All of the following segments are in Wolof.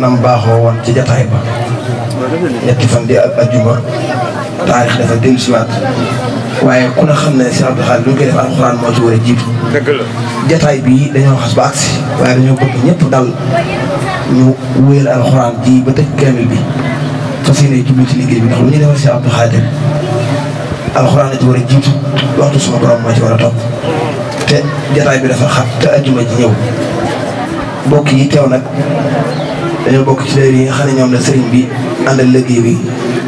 nam baaxoo woon ci jataay ba ñetti fan di ak ajjuma taarix dafa dellusiwaat waaye ku ne xam ne Cheikh Abdou Khadre bi ñu koy def alxuraan moo ci war a jiitu jataay bii dañoo xas ba agsi waaye dañoo alxuraan ji ba tëj kaamil bi fas yéene war a jiitu waxtu suma borom moo ci war a topp te jataay bi dafa xat te ajjuma ji ñëw mbokk yi teew nag dañoo bokk ci daayira yi nga xam ne ñoom la sëriñ bi àndal liggéey bi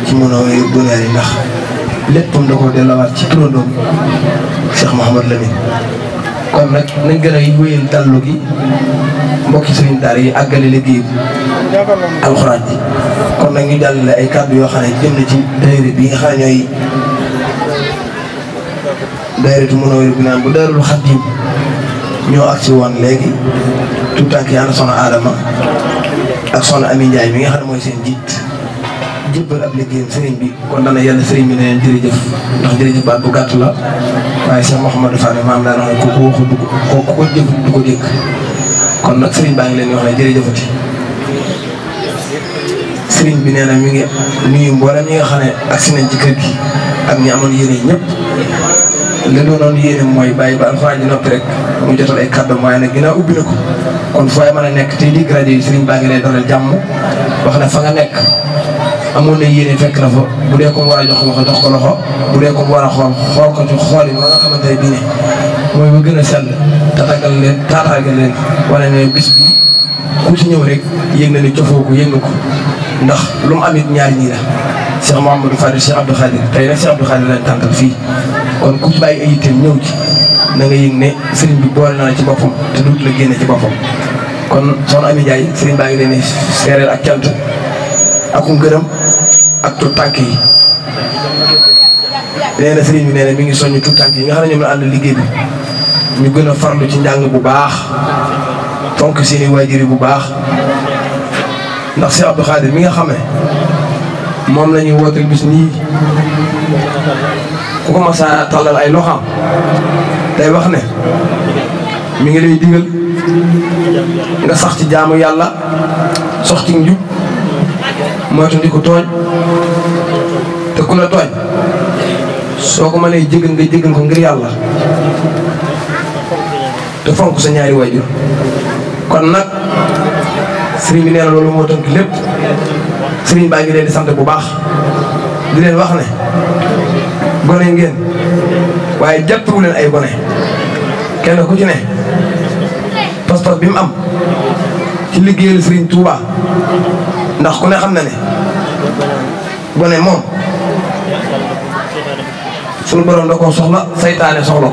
ci mënoo yu gënaar yi ndax léppam da ko delluwaat ci turandoom Cheikh Mouhamad Lamine kon nag nañ gën a wéyal dallu yi àggale liggéey bi ñu jàllale ay kàddu yoo xam ne jëm na ci bi nga xam ne ñooy daayiratu mënoo yu gënaar bu daarul xaddim ñoo agsi woon léegi tout à fait ànd soxna ak soxna Ami Ndiaye mi nga xam ne mooy seen jiit jébbal ab liggéeyam sëriñ bi kon dana yàlla sëriñ bi ne leen jërëjëf ndax jërëjëf baat bu gàtt la waaye sëñ Mouhamadou Fane maam laa wax ne ku ko waxu kon nag sëriñ baa ngi leen di wax ne jërëjëfati sëriñ bi nee na mi ngi nuyu mboolem ñi nga xam ne agsi nañ ci kër gi ak ñi amoon yéene ñëpp. li doonoon yéene mooy bàyyi ba alxuraan ji noppi rek mu jotal ay kàddoom waaye nag ginnaaw ubbi na ko kon fooy mën a nekk te di gradi yi sëriñ baa ngi lay dooleel jàmm wax na fa nga nekk amoon na yéene fekk na bu dee ko mu war a jox loxo bu dee ko mu war a xool xool ko ci xool yi a nga xamante ne bii ne mooy ba gën a sell tatagal leen taataagal leen wala ne bis bi ku ci ñëw rek yëg na ni cofoo ko yëg ko ndax lu mu amit ñaar ñii la Cheikh Mouhamadou Fadil Cheikh Abdou Khadir tey nag Cheikh Abdou Khadir lañ tàntal fii kon ku bàyyi ay yitteem ñëw ci na nga yëg ne sëriñ bi bool naa ci boppam te duut la génne ci boppam kon soxna Ami jaay sëriñ ngi leen di ak cant ak ak tuut tànk yi nee na bi nee mi ngi soññ tuut tànk yi nga xam ne ñoom la ànd liggéey bi ñu gën a farlu ci njàng bu baax fonk seeni waajur yi bu baax ndax Cheikh Abdou Khadir mi nga xam ne moom la ñuy woote bis nii ku ko mas a tàllal ay loxam day wax ne mu ngi lay digal nga sax ci jaamu yàlla sox ci njub moytu ko tooñ te ku nga jéggal ngir yàlla te fonk sa ñaari waajur kon nag sëriñ bi nee moo tënk lépp sëriñ baa ngi leen di sant bu baax di leen wax ne gone ngeen waaye jàppewu leen ay gone kenn ku ci ne pas-pas bi mu am ci liggéeyal sëriñ Touba ndax ku ne xam na ne gone moom suñu borom da ko soxla saytaane soxla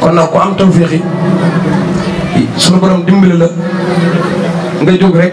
kon nag ku am tawféexi suñu borom dimbali la nga jóg rek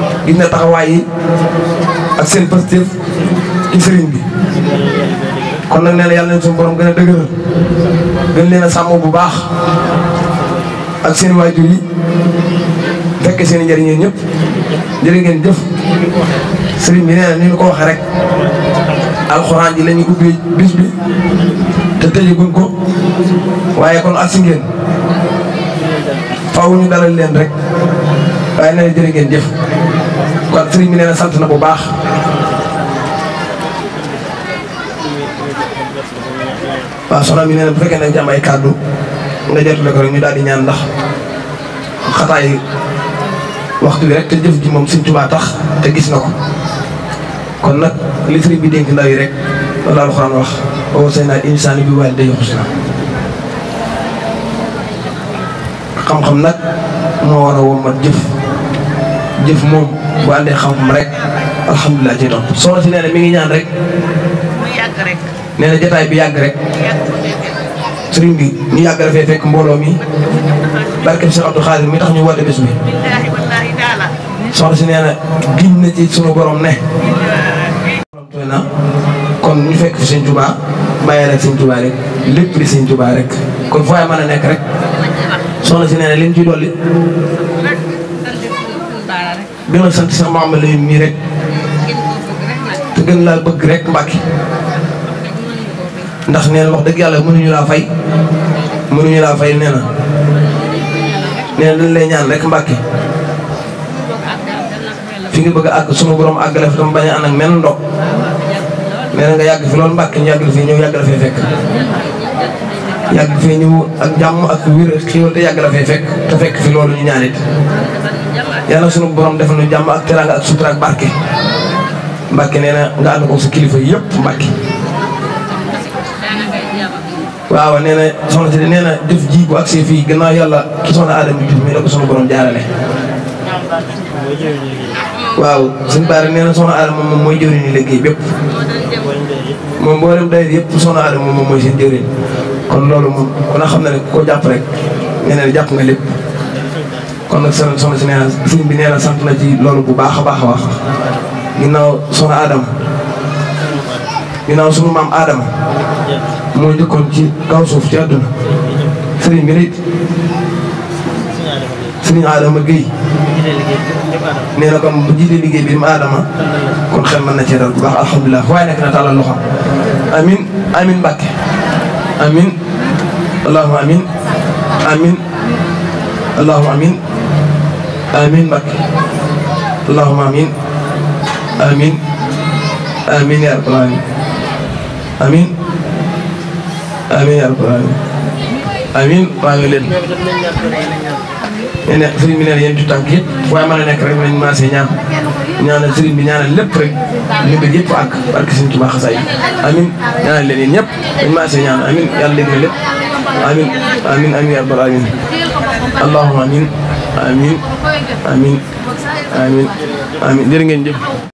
gis na taxawaay yi ak seen positif ci sëriñ bi kon nag nee na yàlla nañ suñu borom gën a dëgëral gën leen a sàmm bu baax ak seen waajur yi fekk seen i njëriñ ñëpp jërë ngeen jëf sëriñ bi nee na ni ñu ko waxee rek alxuraan ji la ñu ubbee bis bi te tëjaguñ ko waaye kon agsi ngeen faaw ñu dalal leen rek waaye nee na jërë ngeen jëf. kon sëriñ bi na sant na bu baax. waaw soxna mi nee bu fekkee nañ ci am ay kàddu nga jotale ko rek ñu daal di ñaan ndax xataay waxtu bi rek te jëf ji moom Sëriñ Tuubaa tax te gis na ko kon nag li sëriñ bi dénk ndaw yi rek loolu la Alxuraan wax boo sëy naa insaan bi waaye day yoxu si xam-xam nag moo war a wommat jëf jëf moom. bu àndee xam-xam rek alhamdulilah ci topp soxna si nee mi ngi ñaan rek. nee na jataay bi yàgg rek. sëriñ bi ñu yàgg dafay fekk mbooloo mi barke bi Sëriñ tax ñu woote bés bi. soxna si nee na giñ na ci sunu borom ne. kon ñu fekk fi sëñ Touba bàyyi rek sëñ rek lépp di sëñ Touba rek kon fooy mën a nekk rek soxna si nee na li dolli. gën a sant sax maam mii rek te gën laa bëgg rek mbàkki ndax nee na wax dëgg yàlla mënuñu laa fay mënuñu laa fay nee na nee lay ñaan rek mbàkki fi nga bëgg ak àgg sunu borom àggale fi tam bañ a ànd ak menn ndox nee na nga yàgg fi ñu la fi ñëw la fee fekk yàgg fee ñëw ak jàmm ak wér ak xiiwal te yàgg la fee fekk te fekk fi loolu ñu ñaanit yàlla sunu borom defal ñu jàmm ak teraanga ak sutura ak barke Mbacke nga ànd ko sa kilifa yëpp Mbacke. waaw nee na soxna si de nee na jëf ji sëñ Bara nee na soxna Adama moom mooy jëwriñu liggéey bépp moom mboolem day yëpp soxna Adama moom mooy seen jëwriñ kon loolu moom kon a xam na ne ku ko jàpp rek nee na jàpp nga lépp. kon nag soxna soxna si nee bi nee na sant na ci loolu bu baax a baax a baax ginnaaw soxna Adama ginnaaw sunu maam Adama moo njëkkoon ci kaw suuf ci àdduna sëriñ bi nit sëriñ Adama Guèye nee kon bu jiitee liggéey bi mu Adama kon xel mën na cee bu baax alhamdulilah waaye nekk na tàllal loxo amin amin Mbàkke amin allahumma amin amiin Mbacke allahumma amiin amiin amiin yaa rabbal aalamiin amiin amiin yaa rabbal aalamiin amiin maa ngi leen ne sëriñ bi nee na yéen ci tànk yëpp waaye mën a nekk rek nañ maasee ñaan ñaanal sëriñ bi ñaanal lépp rek ñu bëgg yëpp ak barke sëriñ Tuubaa xasaay amiin ñaanal leen yéen ñëpp nañ maasee ñaan amiin yàlla dégg na lépp amiin amiin amiin yaa rabbal aalamiin allahumma amiin amiin amiin amiin jërë ngeen jëf